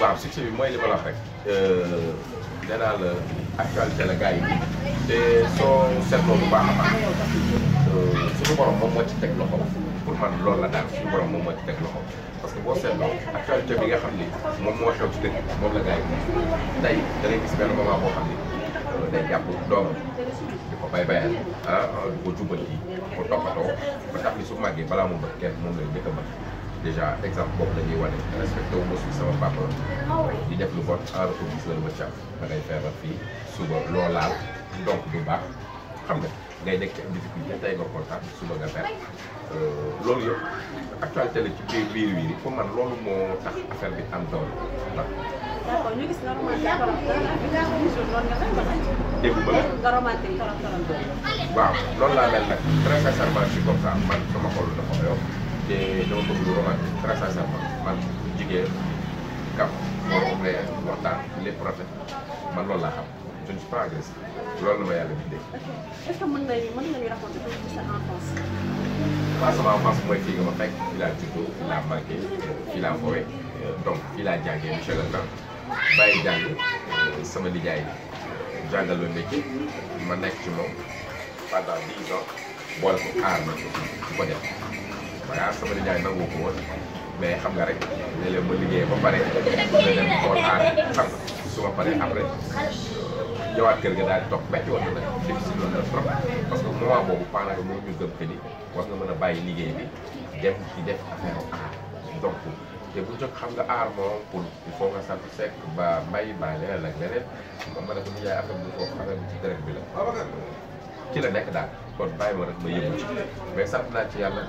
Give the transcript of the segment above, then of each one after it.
waaw si bi mooy li ma la wax rek euh, nee naa la actualité la gars yi te soo seetloo bu baax a baax euh, suñu borom moom moo moom moo ci teg loxo parce que boo seetloo actualité bi nga xam ni moom moo xew ci dëkk moom la gars yi tey da ngay gis benn moment boo xam ni euh, day jàpp doomam di ko bay bayal ah di ko jubal yi ko toppatoo ba tax ni su màggee balaa mu bëgg kenn moom lay njëkk a déjà exemple boobu la ñuy respecté wu ma sama papa di def lu bon en retour gis la lu ma da ngay faire fi suba lo laal donc du baax xam nga ngay nekk ci difficulté tay nga contact suba nga perte loolu yëpp actualité la ci biir biir wi pour man loolu moo tax affaire bi am doon ndax très sincèrement comme ça man sama xol dafa te dama bëgg lu romat très man jigéen kap moom lépp rafet man loolu laa xam je ne suis pas agressif la ma yàlla bindee. est-ce ma nekk ci moom pendant dix ans boole ko aar ma ko def. bagage sama nijaay nangoo ko woon mais xam nga rek léeg ma liggéey ba pare leneen xool aar xam nga su ma paree après kër ga daal di toog metti woon na nag difficile woon na trop parce que nga mën a bàyyi liggéey bi dem ci def affaire aar xam nga aar moom pour il faut nga sant sekk ba mbay ba leneen ak leneen man ma ne ko nijaay bi la ci la nekk daal kon bàyyi ma rek ma naa ci yàlla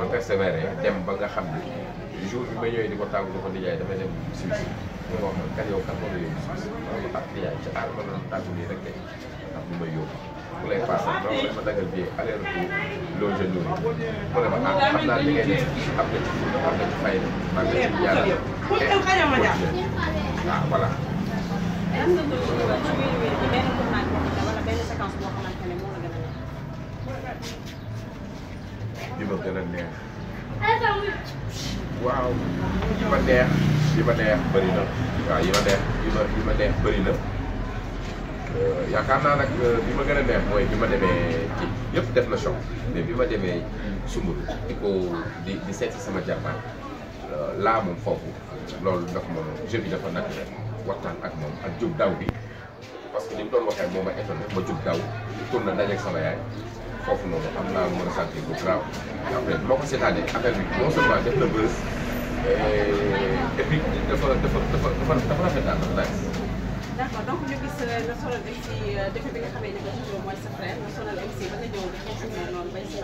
ma persévéré dem ba nga xam ni jour bi ma ñëwee di ko tàggu ko nijaay damay dem Suisse ma wax kan yow ne ko ak ah nijaay ci aar ma bu lay passé non non ma bi aller retour loge nourri mu ne ah, xam naa li ma gën a neex waaw yi ma neex yi ma neex bëri na waaw yi ma neex yi ma yi ma neex bëri euh, yaakaar naa nag euh, bi ma gën a neex mooy bi ma demee ci yëpp def na choc mais bi ma demee sumbul di ko di di seeti sama jàmbaar euh, laa moom foofu loolu dafa ma jeu bi dafa naturel waxtaan ak moom ak jub daw bi parce que li mu doon waxee moo ma étonné ma jub daw tourné dajeeg sama yaay foofu noonu am naa mën a sentir bu grave après boo ko seetaanee affaire bi non seulement def na bës eh, et puis dafa dafa dafa dafa dafa rafet daal dafa nice. d' accord donc ñu gis nga sonal MC dëkk bi nga xamee ne que toujours mooy sa frère nga sonal MC ba nga ñëw di continuer noonu bay si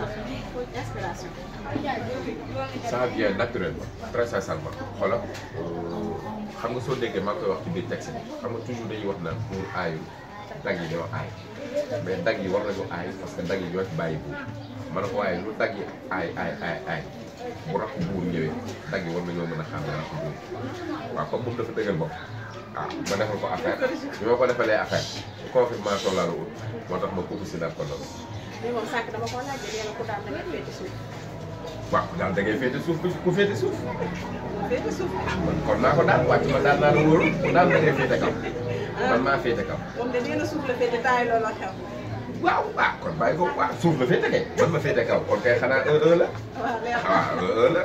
inspiration. ça vient naturellement très sincèrement xoolal euh, xam nga soo déggee maa ngi koy wax ci biir texte bi xam nga toujours dañuy wax naan pour aayul. tag yi dañoo aay mais tag yi war nañu aay parce que tag yi ñoo fi bàyyi buur ma ne ko waaye lu tag yi aay aay aay aay bu rax buur ñëwee tag yi war nañoo mën a xam rax buur waaw comme moom dafa dëgër bopp ah ma defal ko affaire bi ma ko defalee affaire a laa la ut moo tax ma kooku si ko noonu. mais moom ko laajee yàlla ku daal da ngay suuf. ku féete suuf. kon naa ko daan wàcc ma daan naa la wóorul mu daan ma dee féete kaw. Ah. man maa féete kaw. moom de nee na suuf la féete taay loolu xew. waaw waaw kon bàyyi ko waaw suuf la féete kay. man ma féete kaw kon kay xanaa un un la. waaw leer waaw un un la.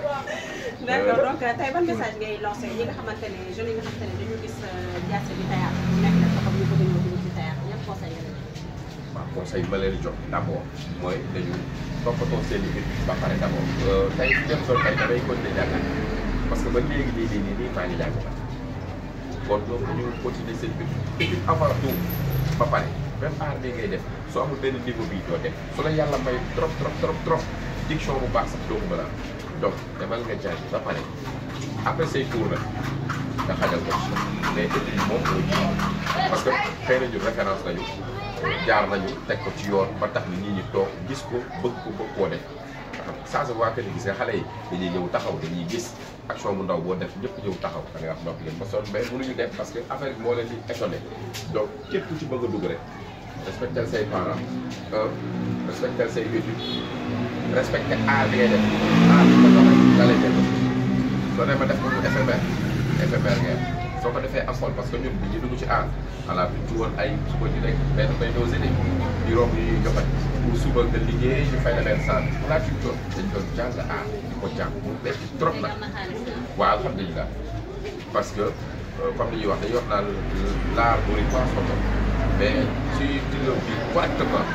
d'accord donc tey ban message ngay lancé ñi nga xamante ne jeunes yi nga xamante ne dañu gis euh, jaase bi tayaat nekk na ko xam ñu bëgg ñoo dugg ci tayaat yan conseil nga leen waaw conseil ma leen jox d'abord mooy dañu toppatoo seen i mbir ba pare d'abord euh, tey dem sol tey damay continuer jàngat parce que ba léegi lii nii nii maa ngi jàng kon donc ñu continuer seen bi et puis avant tout ba pare même aar bi ngay def soo amul benn niveau bii doo def su la yàlla may trop trop trop trop diction bu baax sax doo ko mën a demal nga jàng ba pare après say cours nag nga xajal ko mais étude yi moom moo jiw parce que xëy na ñu référence lañu jaar nañu teg ko ci yoon ba tax ni nit ñi toog gis ko bëgg ko bëgg koo def. ça se voit ni gis xale yi dañuy ñëw taxaw dañuy gis action bu ndaw boo def ñëpp ñëw taxaw da ngay wax noppi leen ba sonn mais mënuñu def parce que affaire bi moo leen di étonné donc képp ci bëgg a dugg rek respectel say parents un euh, respectel say études respecté aar bi def aar mu éphémère éphémère ngay soo ko defee am xol parce que ñun bi ñu dugg ci aar voilà bi ñu ci woon ay suba ji rek benn bay dosé de di romb yi ñuy joxe pour suba nga liggéey ñu fay la leen sant pour la culture dañ doon jàng aar di ko jàng mu métti trop nag parce que euh, comme li ñuy wax dañuy wax naan l'art nourrit pas photo mais suy dilo bi correctement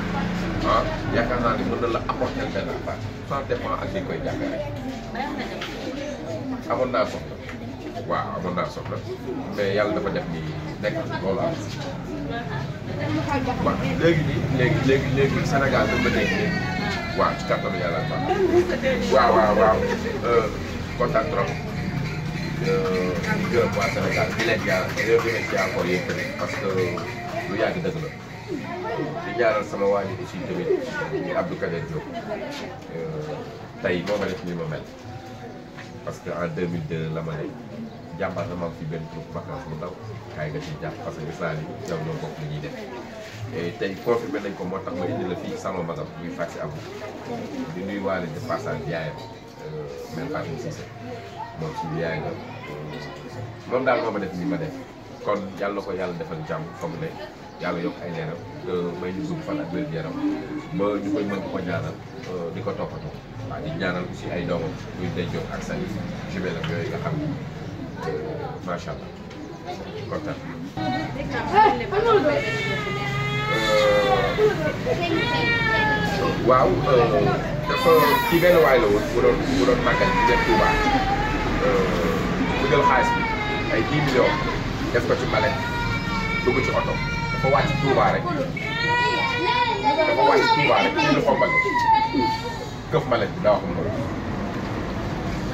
ah yaakaar naa ne mën la apporter benn part ça ak ni koy jàngale amoon naa soxla waaw amoon naa soxla mais yàlla dafa def ni nekk loolu am nii léegi léegi léegi Sénégal dafa nekk léegi waaw ci kàttanu yàlla baax waaw waaw waaw euh, kontaan trop euh, gërëm waa Sénégal di leen yàlla réew mi nekk ci encore yéen tamit parce que lu yàgg dëgg la di ñaanal sama waa ji aussi tamit Kader Diop euh, tey moo ma def ni ma parce que en de la ma ne jàmbaar dama am fi benn groupe vacance bu ndaw kaay nga ci jàpp parce que gis naa ni yow ñoo bokk li ñuy def tey confirmé nañ ko moo tax ma indi la fii salon magam muy Faxi Abou di euh, moom suñu yaay nga moom daal moo ma def ni ma def kon yàlla ko yàlla defal jàmm fa mu ne yàlla yokk ay leeram te may ñu gudd fan ak wér yaram ba ñu koy mën ko ñaanal euh, di ko toppatoo waaw di ñaanal aussi ay doomam muy dencoog ak say jumelle ak yooyu nga xam ne euh, macha allah kontaan. Euh, waaw dafa ci benn waay la woon mu doon mu doon màggal ci biir Touba mu jël xaalis bi ay 10 millions def ko ci mbalit dugg ci oto. dafa wàcc Touba rek dafa wàcc Touba rek ci loxo Mbacké këf malet bi daa wax moom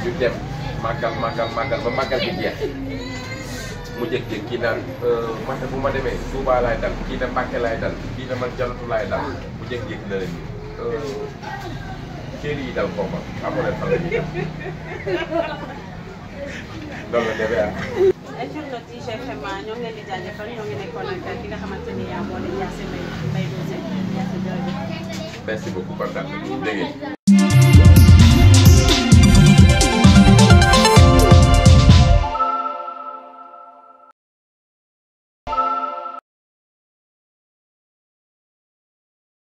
ñu dem màggal màggal màggal ba màggal bi jeex mu jékki-jékki kii naan euh, bu ma demee Touba laay dal kii na Mbacké laay dal kii na man Janatu laay dal mu jékki-jékki na leen euh, kër yi dal ko ma amu leen fan la dem loolu internet yi GFM ñoo ngi leen di